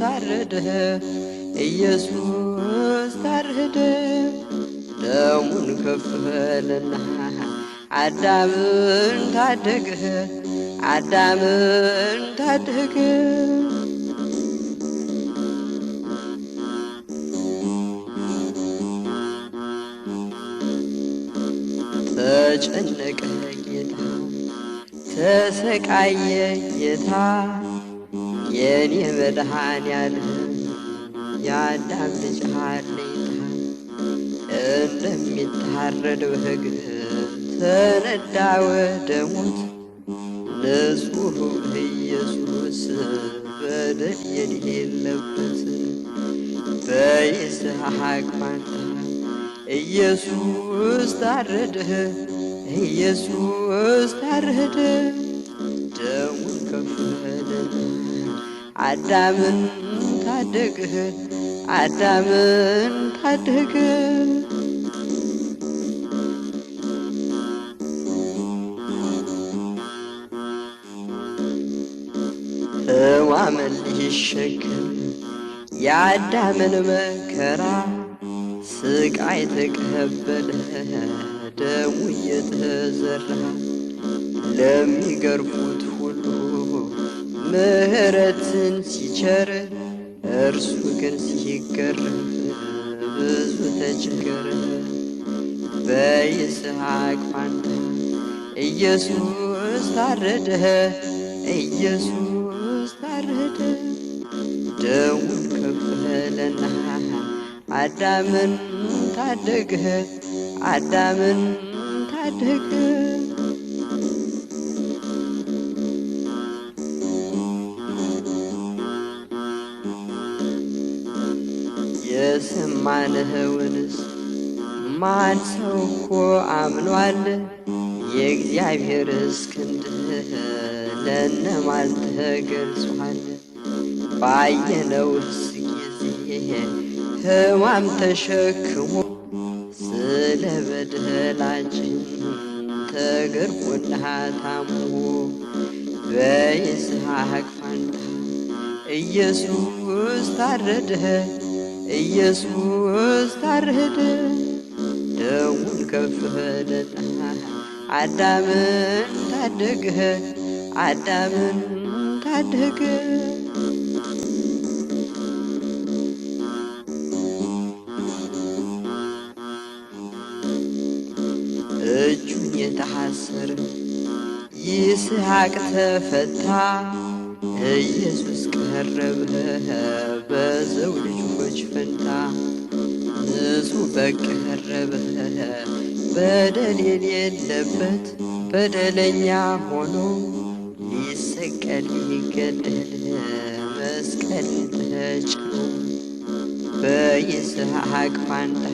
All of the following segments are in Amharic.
ታረደ ኢየሱስ ታረደ ደሙን ከፈለና አዳምን ታደገ አዳምን ታደገ ተጨነቀ ጌታ ተሰቃየ ጌታ የኒህ መድኃኔዓለም የአዳም ልጅ ኃጥእ እንደሚታረድ በእግር ተነዳ ወደ ሞት ንጹሕ ኢየሱስ በደል የሌለበት በይስሐቅ ፋንታ ኢየሱስ ታረደ፣ ኢየሱስ ታረደ፣ ደሙን ከፈለ አዳምን ታደግህ አዳምን ታደግህ ሕማምን ሊሸከም የአዳምን መከራ ስቃይ ተቀበለ ደሙ እየተዘራ ለሚገርፉት ምህረትን ሲቸር እርሱ ግን ሲገር ብዙ ተቸገረ። በይስሐቅ ፋንታ ኢየሱስ ታረደህ፣ ኢየሱስ ታረደህ። ደሙን ከፈለና አዳምን ታደግህ፣ አዳምን ታደግህ። የሰማንኸውንስ ማን ሰው እኮ አምኗል? የእግዚአብሔርስ ክንድ ለእነማን ተገልጿል? ባየነውስ ጊዜ ሕማም ተሸክሞ ስለ በደላችን ተገርፎና ታሞ በይስሐቅ ፋንታ ኢየሱስ ታረድህ ኢየሱስ ታርህድ ደሙን ከፍህለ አዳምን ታደግህ አዳምን ታደግ እጁን የተሐሰረ ይስሐቅ ተፈታ ኢየሱስ ቀረብህ በሰው ልጆች ፈንታ ንጹሕ በግ በደል የሌለበት በደለኛ ሆኖ ሊሰቀል ሊገደል መስቀል ተጭኖ በይስሐቅ ፋንታ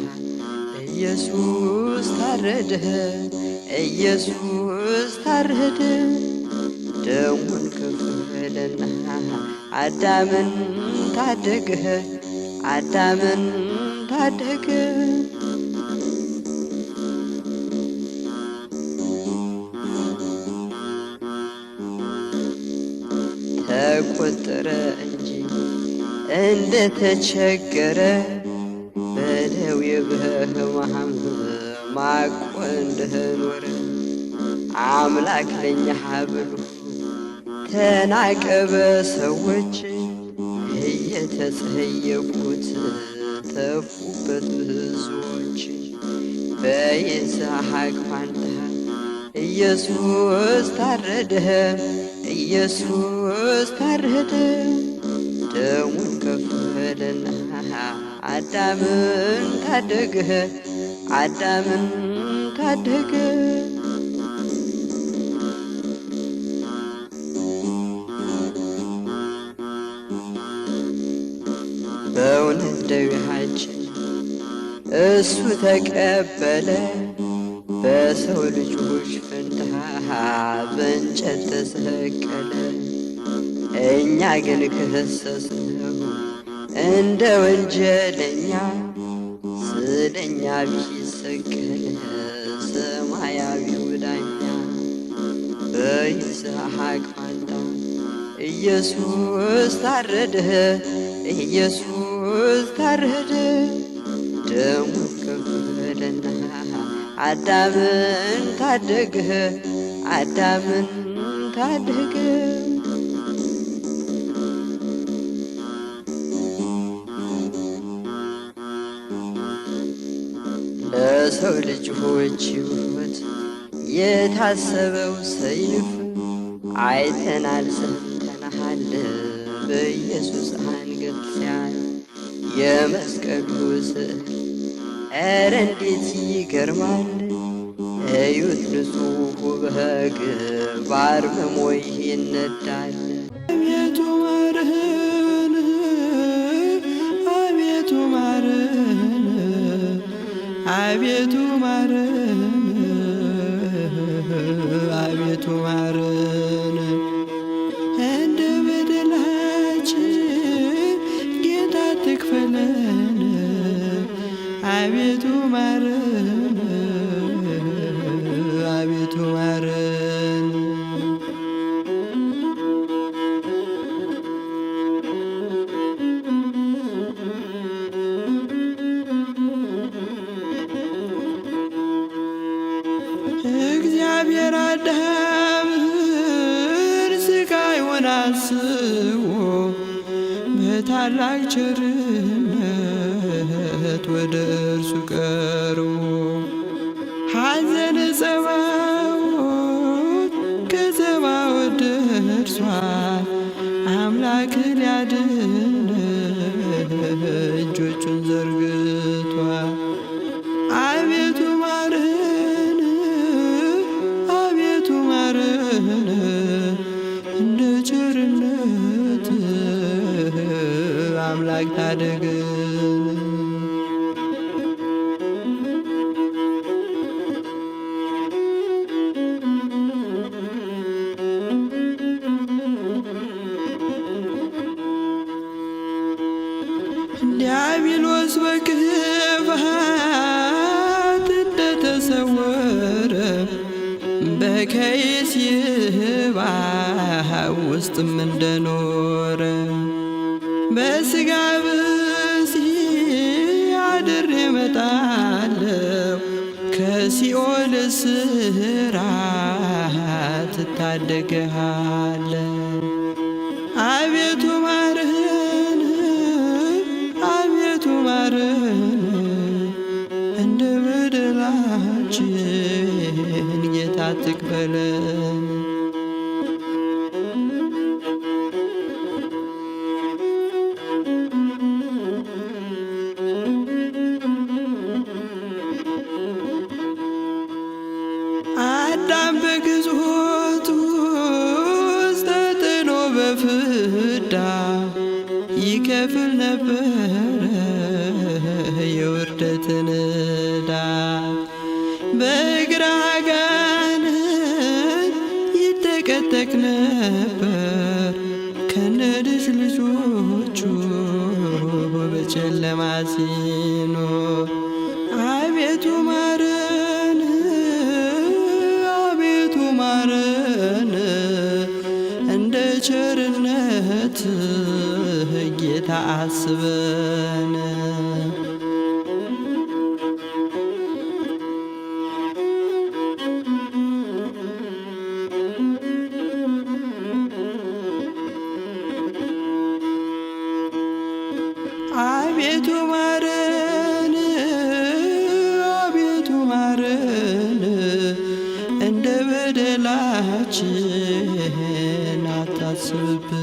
ኢየሱስ ታረድህ ኢየሱስ ታረድህ ደሙን ከፍ ብለን አዳምን ታደግህ አዳምን ታደግህ ተቆጠረ እንጂ እንደተቸገረ በደዌ በህማም ማቆ እንደኖረ አምላክ ለኛ ብሎ ተናቀበ ሰዎች እየተጸየፉት ተፉበት ብዙዎች በይስሐቅ ፋንታ ኢየሱስ ታረደ፣ ኢየሱስ ታረደ። ደሙን ከፈለና አዳምን ታደገ፣ አዳምን ታደገ። ደዌያችን እሱ ተቀበለ በሰው ልጆች ፈንታ በእንጨት ተሰቀለ። እኛ ግን ከሰስነው እንደ ወንጀለኛ ስለኛ ቢሰቀለ ሰማያዊው ዳኛ በይስሐቅ ፋንታ ኢየሱስ ታረድህ ኢየሱስ ታረደ ደሙ አዳምን ታደገ አዳምን ታደገ ለሰው ልጆች የታሰበው ሰይፍ አይተናል ሰምተናል በኢየሱስ አንገት ሲያል የመስቀሉ ስዕል እረ እንዴት ይገርማል! እዩት ንጹሕ በግ ባርመሞ ይነዳል። አቤቱ ማረን፣ አቤቱ ማረን፣ አቤቱ ማረን ታላይ ቸርነት ወደ አግናደግ ዲያብሎስ በክፋት እንደተሰወረ በከይስ ይህባ ውስጥም እንደኖረ በስጋ ብስ አድሬ እመጣለሁ ከሲኦል እስራት እታደግሃለሁ። አቤቱ ማረን፣ አቤቱ ማርን እንደ በደላችን ጌታ አትቅበለን። ፍዳ ይከፍል ነበረ የውርደትን ዕዳ በእግረ አጋንንት ይጠቀጠቅ ነበር ልጆቹ በጨለማ ሲኖር አቤቱ አስበን አቤቱ ማረን፣ አቤቱ ማረን እንደ በደላችን አታስብብን።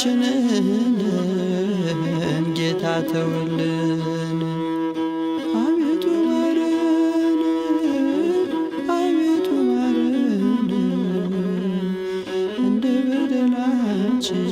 ችግራችንን ጌታ ተውልን። አቤቱ ማረን፣ አቤቱ ማረን እንደ በደላችን